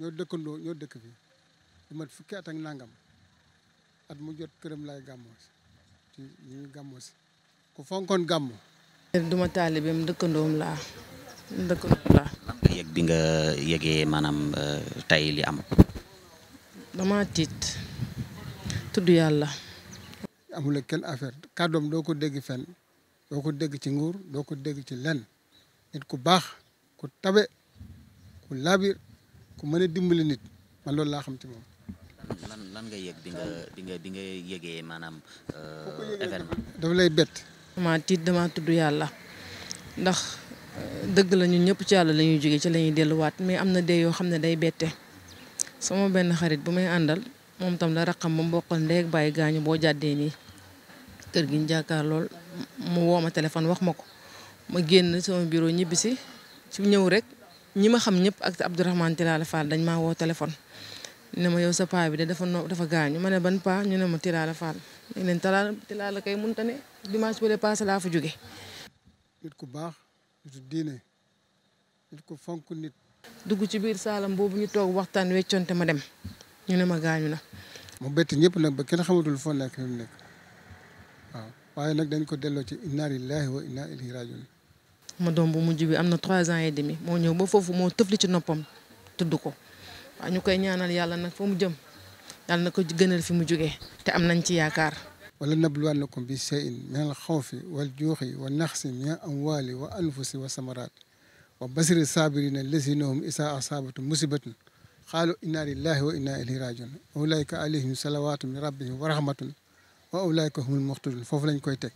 ñoo dëkkandoo ñoo dëkk fi di mat fukki at ak nangam at mu jot këram lay gàmmoo ci ñu ñu gàmmoo si ku fonkoon gàmmu duma taalibeem dëkkandoom laa dëkkandoom laa lan nga yëg bi nga yëgee maanaam euh, tey li am dama tiit tudd yàlla amula kenn affaire kàddoom doo ko dégg fenn doo ko dégg ci nguur doo ko dégg ci lenn nit ku baax ku tabe ku labir ku mën a dimbali nit man loolu laa xam ci moom. lan lan nga yég di nga nga di nga yëgee maanaam euh, événement. dafa lay bett. dama tiit dama tudd yàlla ndax euh, dëgg lañu ñun ñëpp ci yàlla la ñuy jógee ci lañuy delluwaat mais am na dee yoo xam ne day bette sama benn xarit bu may àndal moom tam la raqam ba mboqal ndeeg bàyyi gaañu boo jàddee nii kër gi ñu lool mu woo ma téléphone wax ma ko ma génn sama bureau ñibbisi ci ñëw rek. ñi ma xam ñëpp ak Abdourahmane Tilala Fall dañ maa woo téléphone ne ma yow sa paa bi de dafa no dafa gaañu ma ne ban paa ñu ne ma Tilala Fall ne leen Tilala Tilala kay mënta ne dimanche bële laa fa jóge ku baax nitu diine nit ku fonk nit. dugg ci biir saalam boobu ñu toog waxtaan weccoonte ma dem ñu ne ma gaañu na. mu bett ñëpp nag ba kenn xamatul foo nekk fi waaw waaye nag dañ ko delloo ci inna lillahi wa inna ilayhi rajiun ma doom bu mujj bi am na trois ans et moo ñëw ba foofu moo tëfli ci noppam tudd ko waaw ñu koy ñaanal yàlla nag foo mu jëm yàlla na ko gënal fi mu jógee te am nañ ci yaakaar wala nabluwannakum bi shay'in min al xawfi wal juuxi wa naxsi min amwaali wa anfusi wa samaraat wa basiri saabirina lazinahum isaa asaabatu musibatun xaalu inna lillahi wa inna ilayhi rajiun ulaika alayhim salawaatu min rabbihim wa rahmatun wa ulaika humul muxtadun foofu lañ koy teg